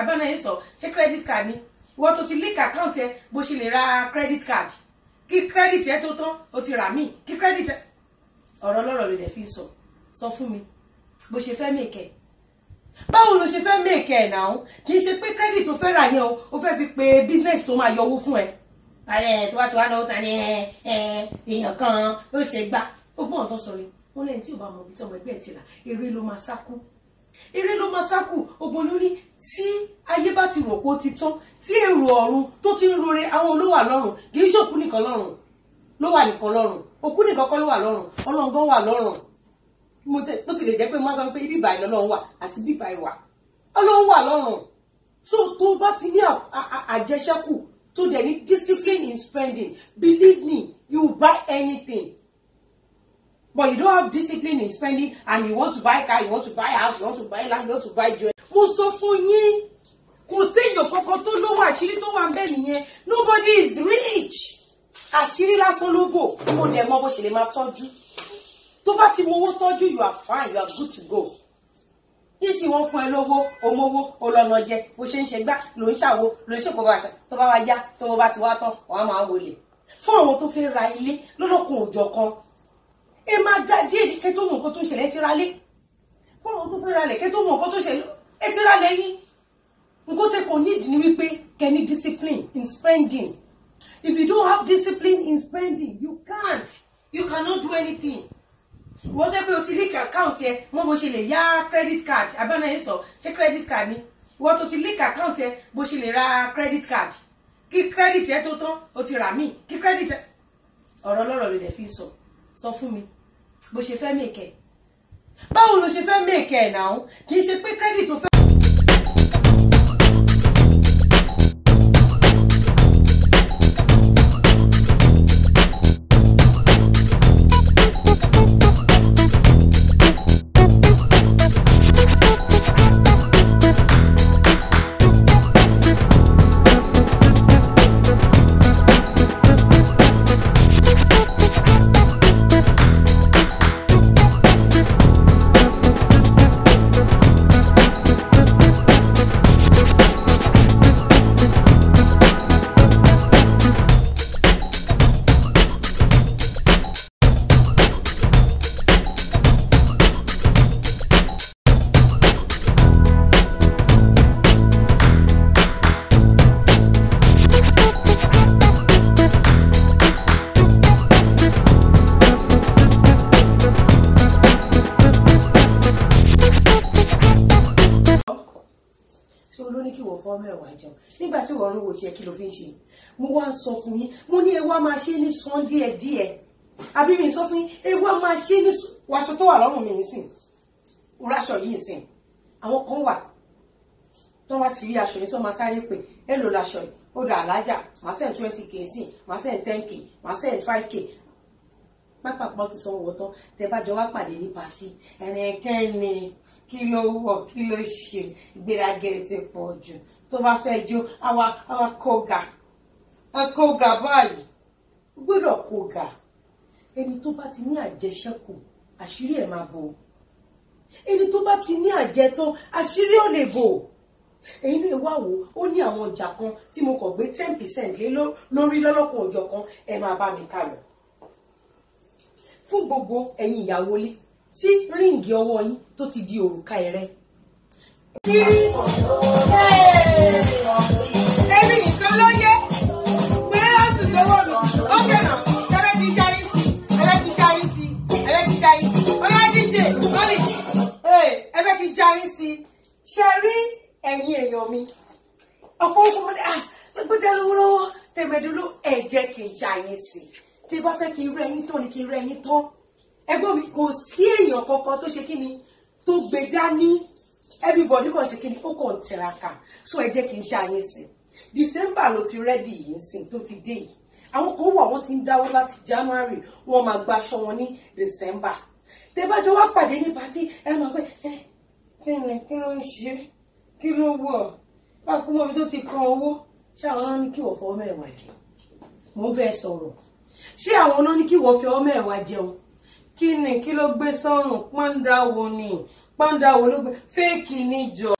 abẹ́nà yẹn sọ ṣé credit card ni ìwọ tó ti link account ẹ bó ṣe lè ra credit card kí credit ẹ tó tán o ti rà míì kí credit ẹ ọ̀rọ̀ lọ́rọ̀ ló dẹ̀ fi sọ sọ fún mi bó ṣe fẹ́ mèkẹ́ báwo ló ṣe fẹ́ mèkẹ́ ẹ̀ náà kì í ṣe pé credit tó fẹ́ rà yẹn o ó fẹ́ fi pe business tó máa yọwó fún ẹ ẹ tó bá ti wá náwó ta ni ẹ ẹ èèyàn kan ó ṣe gbà ó gbọ́n ọ̀tọ̀ sọ ni wọ́n lẹ́yìn tí ò bá mọ̀ ibi tí ọmọ ẹgbẹ́ ti là eré ló máa sá kú eré ló máa sákù ogun ló ní tí ayé bá ti rò pé ó ti tán tí èrò ọ̀run tó ti ń rore àwọn olówà lọ́rùn kì í ṣòkú nìkan lọ́rùn ló wà nìkan lọ́rùn òkú nìkan kọ́ ló wà lọ́rùn ọlọ́ngàn wà lọ́rùn bó tilẹ̀ jẹ́ pé má sọ pé ibi ìbàyí lọ́lọ́run wà àti ibi ìbàyí wà ọlọ́run wà lọ́rùn tó tó bá ti ní àjẹsẹ́kù tó dẹ̀ ní discipline in spending believe me you buy anything but you don't have discipline in spending and you want to buy car you want to buy house you want to buy land you want to buy jewelry. mo sọ fún yín kò séèyàn kankan tó lówó àṣírí tó wà ń nìyẹn nobody is rich àṣírí lásán ló bò kó dẹ̀ mọ bó ṣe lè máa tọ́jú tó bá ti mowó tọ́jú you are fine you are good to go nísì wọn fún ẹ lówó omówó olọ́nà jẹ bó ṣe ń ṣe gbá ló ń ṣàwo ló ń ṣèkó bá ṣe tó bá wá yá tó bá ti wá tán wọn á máa wọlé fún àwọn tó fẹ́ ra ilé lọ́lọ́kùn òjọ̀ kan ẹ máa dá díẹ̀ kẹ́ tó mọ̀ nǹkan tó ń ṣẹlẹ̀ ẹ ti ra lé fọ́nrán tó fẹ́ ra lẹ̀ kẹ́ tó mọ̀ nǹkan tó ń ṣẹlẹ̀ ẹ ti ra lẹ́yìn nǹkan tẹ kò nídìí ni wípé kẹ́ ní discipline in spending if you don't have discipline in spending you can't you cannot do anything wọ́n tẹ́ pé o ti leak account yẹ mọ́ bó ṣe lè yá credit card abẹ́nà yẹn sọ ṣé credit card ni wọ́n tó ti leak account yẹ bó ṣe lè ra credit card kí credit yẹ tó tán o ti rà míì kí credit yẹ ọ̀rọ̀ lọ́rọ̀ ló dẹ̀ fi sọ sọ fún mi bó ṣe fẹ́ mèkẹ́ báwo ló ṣe fẹ́ mèkẹ́ náà kì í ṣe pé credit tó fẹ́. fọ́ọ̀mù ẹ̀wà jẹun nígbà tí wọ́n rówó tiẹ̀ kí ló fi ń ṣe mo wá ń sọ fún yín mo ní ewa máa ṣe ní sàn díẹ̀ díẹ̀ àbí mi sọ fún yín ewa máa ṣe ní wàṣọ tó wà lọ́rùn mi nísìn raṣọ yìí nísìn àwọn kan wà tó wá ti rí aṣọ yìí tó máa sáré pé ẹ lò láṣọ yìí ó dà alájà màá send twenty k sí màá send ten k màá send five k pápápá ti sanwó tán tẹ bá jọ wá pàdé ní pàtí ẹnikẹ́ni kí ló wọ̀ kí ló ṣe gbéraga ti pọ̀ jù tó bá fẹ́ jó àwa àwa kọ̀gà akọ̀gà báyìí gbọ́dọ̀ kọ̀gà ẹni tó bá ti ní àjẹṣẹ́kù àṣírí ẹ̀ máa bò ẹni tó bá ti ní àjẹtán àṣírí ò lè bò ẹ̀yin náà wá wò ó ní àwọn ọjà kan tí mo kàn gbé ten percent lé lórí lọ́lọ́kan ọjọ́ kan ẹ máa bá mi kà lọ fún gbogbo ẹ̀yin ìyàwó lé tí ríǹgì ọwọ́ yín tó ti di òrùka ẹ̀rẹ́. ẹ̀rí nìkan ló yẹ pé láti lọ́wọ́ mi ó kẹ̀nà ẹlẹ́tí jáyé sí ẹlẹ́tí jáyé sí ẹlẹ́tí jáyé sí ọlá díje lórí ẹlẹ́tí jáyé sí ṣe rí ẹ̀yin èèyàn mi ọ̀pọ̀ oṣù mọ́ni ah gbọ́dọ̀ lówó lọ́wọ́ tẹ̀mẹ̀dúró ẹ̀jẹ̀ kìí jáyé sí i tí bá fẹ́ kí n rẹ́ yín tán ni kí n rẹ́ yín tán ẹgbọ́n mi kò sí èèyàn kankan tó ṣe kí ni tó gbé dání everybody kàn ṣe kí ni ó kàn tiraka so ẹ jẹ́ kí n ṣe àyè sí December ló ti rẹ́dì yìí sí tó ti dé yìí àwọn kan wà wọ́n ti ń dáwọ́ láti January wọ́n máa gbaṣọ wọn ní December tẹ bá jọ wá pàdé ní pàtí ẹ máa pẹ́ ẹ kí ni kí ló ń ṣe kí ló wọ̀ bá kú mọ́ tó ti kan owó ṣáà wọ́n ní kí wọ́n fọwọ́ mẹ́wàá jẹ mò ń bẹ́ẹ̀ ṣé àwọn olóníkìwọ fi ọmọ ẹ wá jẹun kí ni kí ló gbé sọ́rùn pọ́ńdà wo ni pọ́ńdà wo ló gbé fẹ́ẹ̀kì níjọ.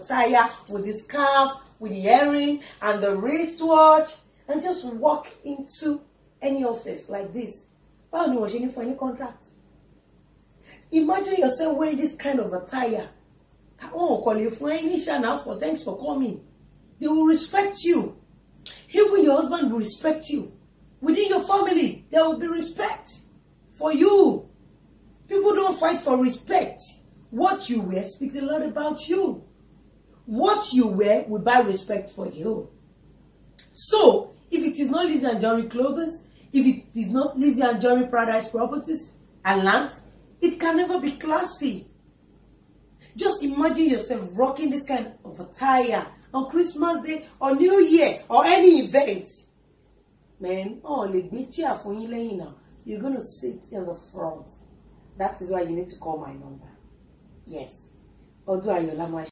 attire, with the scarf, with the earring, and the wristwatch, and just walk into any office like this. Why ni wọ́n ṣe ní any contract? Imagine yourself wearing this kind of attire. Àwọn call kọ̀lé fún ẹ ní ṣàná for thanks for coming. They will respect you. Even your husband will respect you. Within your family, there will be respect for you. People don't fight for respect. What you wear speaks a lot about you. what you wear will buy respect for you. So, if it is not Lizzie and Anjorin clothes, if it is not Lizzie and Anjorin Paradise Properties and lands, it can never be classy. Just imagine yourself rocking this kind of attire on Christmas Day or New Year or any event. Man, oh, lè gbé chair fún yín You're going to sit in the front. That is why you need to call my number. Yes. or do Although Ayola